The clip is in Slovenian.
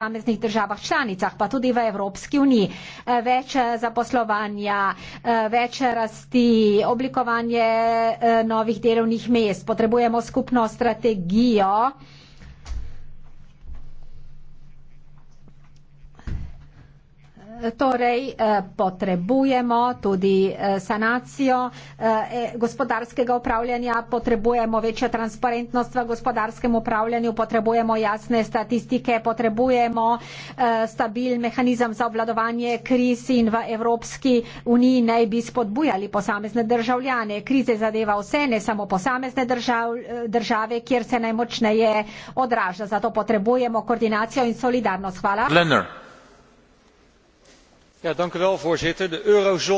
posameznih državah članicah, pa tudi v Evropski uniji. E, več e, zaposlovanja, e, več rasti, oblikovanje novih delovnih mest, potrebujemo skupno strategijo. Torej, eh, potrebujemo tudi eh, sanacijo eh, e, gospodarskega upravljanja, potrebujemo večjo transparentnost v gospodarskem upravljanju, potrebujemo jasne statistike, potrebujemo stabilen mehanizem za obladovanje kriz in v Evropski uniji naj bi spodbujali posamezne državljane. Krize zadeva vse, ne samo posamezne držav, države, kjer se najmočneje odraža. Zato potrebujemo koordinacijo in solidarnost. Hvala. Leonard. Ja, voorzitter de eurozone is failliet.